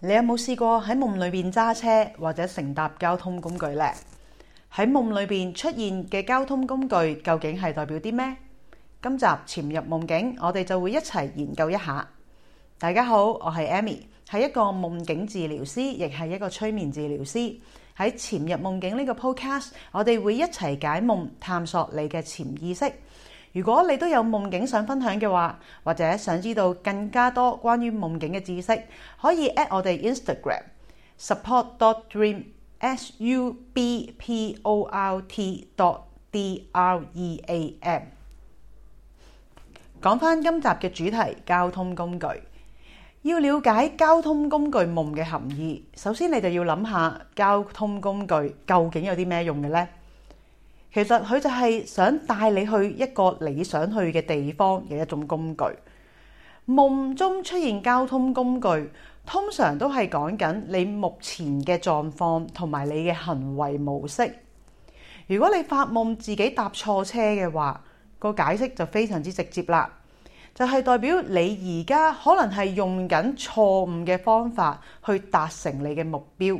你有冇試過喺夢裏邊揸車或者乘搭交通工具呢？喺夢裏邊出現嘅交通工具究竟係代表啲咩？今集潛入夢境，我哋就會一齊研究一下。大家好，我係 Amy，係一個夢境治療師，亦係一個催眠治療師。喺潛入夢境呢個 podcast，我哋會一齊解夢，探索你嘅潛意識。如果你都有夢境想分享嘅話，或者想知道更加多關於夢境嘅知識，可以 at 我哋 Instagram support dot dream s u b p o r t dot d r e a m。講翻今集嘅主題，交通工具。要了解交通工具夢嘅含義，首先你就要諗下交通工具究竟有啲咩用嘅呢？其實佢就係想帶你去一個你想去嘅地方嘅一種工具。夢中出現交通工具，通常都係講緊你目前嘅狀況同埋你嘅行為模式。如果你發夢自己搭錯車嘅話，個解釋就非常之直接啦，就係代表你而家可能係用緊錯誤嘅方法去達成你嘅目標。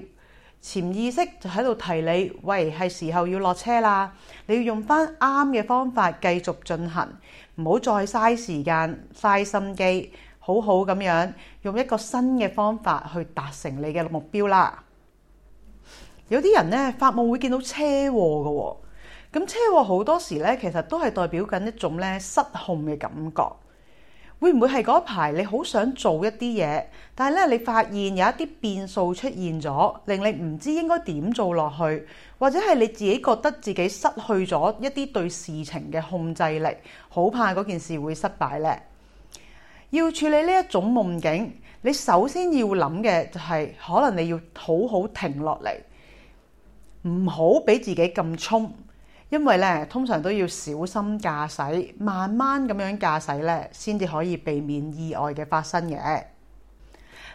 潛意識就喺度提你，喂，係係時候要落車啦！你要用翻啱嘅方法繼續進行，唔好再嘥時間嘥心機，好好咁樣用一個新嘅方法去達成你嘅目標啦。有啲人呢，發夢會見到車禍嘅、哦，咁車禍好多時呢，其實都係代表緊一種呢失控嘅感覺。會唔會係嗰排你好想做一啲嘢，但係咧你發現有一啲變數出現咗，令你唔知應該點做落去，或者係你自己覺得自己失去咗一啲對事情嘅控制力，好怕嗰件事會失敗呢。要處理呢一種夢境，你首先要諗嘅就係、是，可能你要好好停落嚟，唔好俾自己咁衝。因為咧，通常都要小心駕駛，慢慢咁樣駕駛咧，先至可以避免意外嘅發生嘅。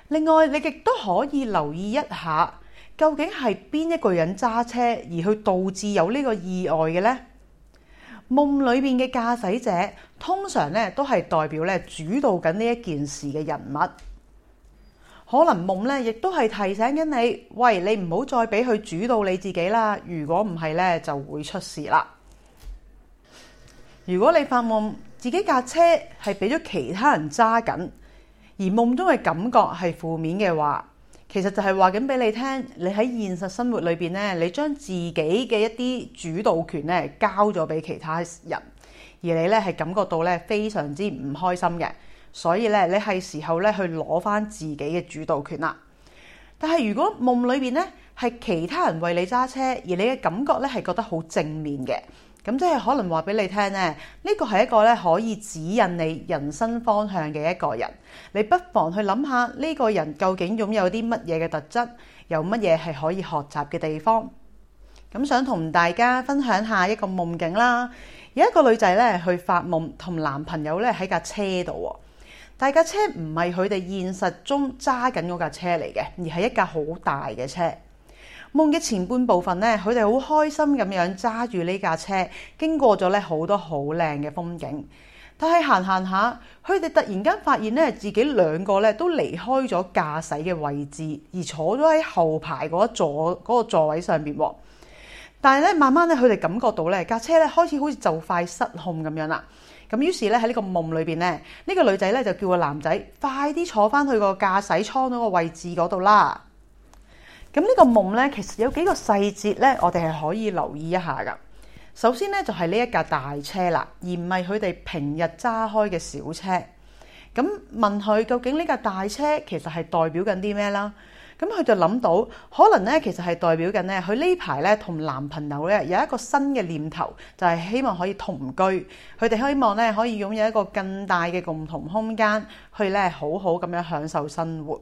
另外，你亦都可以留意一下，究竟係邊一個人揸車而去導致有呢個意外嘅呢？夢裏面嘅駕駛者，通常咧都係代表咧主導緊呢一件事嘅人物。可能夢呢，亦都係提醒緊你，喂，你唔好再俾佢主導你自己啦。如果唔係呢，就會出事啦。如果你發夢自己架車係俾咗其他人揸緊，而夢中嘅感覺係負面嘅話，其實就係話緊俾你聽，你喺現實生活裏邊呢，你將自己嘅一啲主導權呢交咗俾其他人，而你呢係感覺到呢非常之唔開心嘅。所以咧，你係時候咧去攞返自己嘅主導權啦。但係，如果夢裏邊呢係其他人為你揸車，而你嘅感覺咧係覺得好正面嘅，咁即係可能話俾你聽咧，呢個係一個咧可以指引你人生方向嘅一個人。你不妨去諗下呢個人究竟擁有啲乜嘢嘅特質，有乜嘢係可以學習嘅地方。咁想同大家分享下一個夢境啦。有一個女仔咧去發夢，同男朋友咧喺架車度。大架車唔係佢哋現實中揸緊嗰架車嚟嘅，而係一架好大嘅車。夢嘅前半部分咧，佢哋好開心咁樣揸住呢架車，經過咗咧好多好靚嘅風景。但係行行下，佢哋突然間發現咧，自己兩個咧都離開咗駕駛嘅位置，而坐咗喺後排嗰座嗰個座位上面。但係咧，慢慢咧，佢哋感覺到咧架車咧開始好似就快失控咁樣，這個、啦。咁於是咧喺呢個夢裏邊咧，呢個女仔咧就叫個男仔快啲坐返去個駕駛艙嗰個位置嗰度啦。咁呢個夢咧其實有幾個細節咧，我哋係可以留意一下㗎。首先咧就係，是、呢一架大車啦，而唔係佢哋平日揸開嘅小車。咁問佢究竟呢架大車其實係代表緊啲咩啦？咁佢就諗到，可能咧其實係代表緊咧，佢呢排咧同男朋友咧有一個新嘅念頭，就係、是、希望可以同居，佢哋希望咧可以擁有一個更大嘅共同空間，去咧好好咁樣享受生活。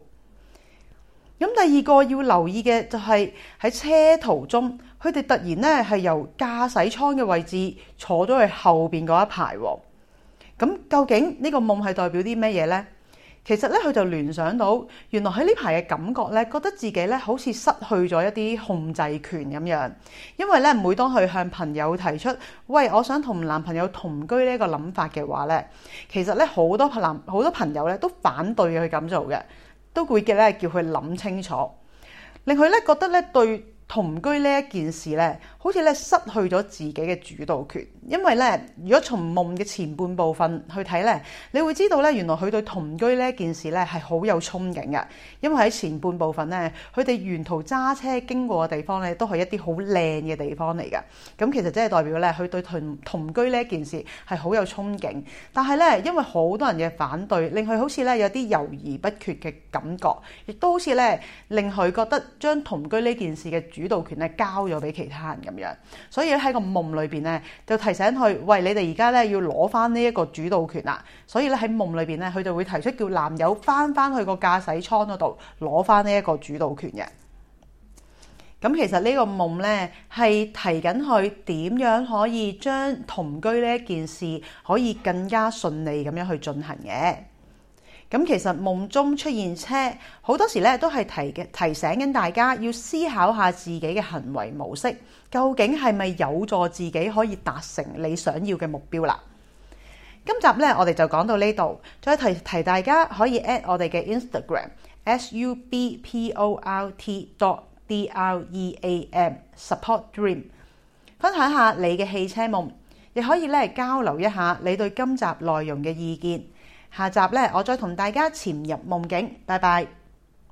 咁第二個要留意嘅就係、是、喺車途中，佢哋突然咧係由駕駛艙嘅位置坐咗去後邊嗰一排。咁、哦、究竟呢個夢係代表啲咩嘢呢？其實咧，佢就聯想到，原來喺呢排嘅感覺咧，覺得自己咧好似失去咗一啲控制權咁樣。因為咧，每當佢向朋友提出，喂，我想同男朋友同居呢一個諗法嘅話咧，其實咧好多男好多朋友咧都反對佢咁做嘅，都會叫咧叫佢諗清楚，令佢咧覺得咧對同居呢一件事咧，好似咧失去咗自己嘅主導權，因為咧，如果從夢嘅前半部分去睇咧，你會知道咧，原來佢對同居呢件事咧係好有憧憬嘅。因為喺前半部分咧，佢哋沿途揸車經過嘅地方咧，都係一啲好靚嘅地方嚟嘅。咁其實真係代表咧，佢對同同居呢件事係好有憧憬。但係咧，因為好多人嘅反對，令佢好似咧有啲猶豫不決嘅感覺，亦都好似咧令佢覺得將同居呢件事嘅主導權咧交咗俾其他人嘅。咁樣，所以咧喺個夢裏邊咧，就提醒佢，喂，你哋而家咧要攞翻呢一個主導權啦。所以咧喺夢裏邊咧，佢就會提出叫男友翻翻去個駕駛艙嗰度，攞翻呢一個主導權嘅。咁其實個夢呢個夢咧係提緊佢點樣可以將同居呢一件事可以更加順利咁樣去進行嘅。咁其實夢中出現車，好多時咧都係提嘅提醒緊大家，要思考下自己嘅行為模式，究竟係咪有助自己可以達成你想要嘅目標啦？今集咧，我哋就講到呢度，再提提大家可以 at 我哋嘅 Instagram S, S U B P O R T D R E A M Support Dream，分享下你嘅汽車夢，亦可以咧交流一下你對今集內容嘅意見。下集呢，我再同大家潛入夢境，拜拜。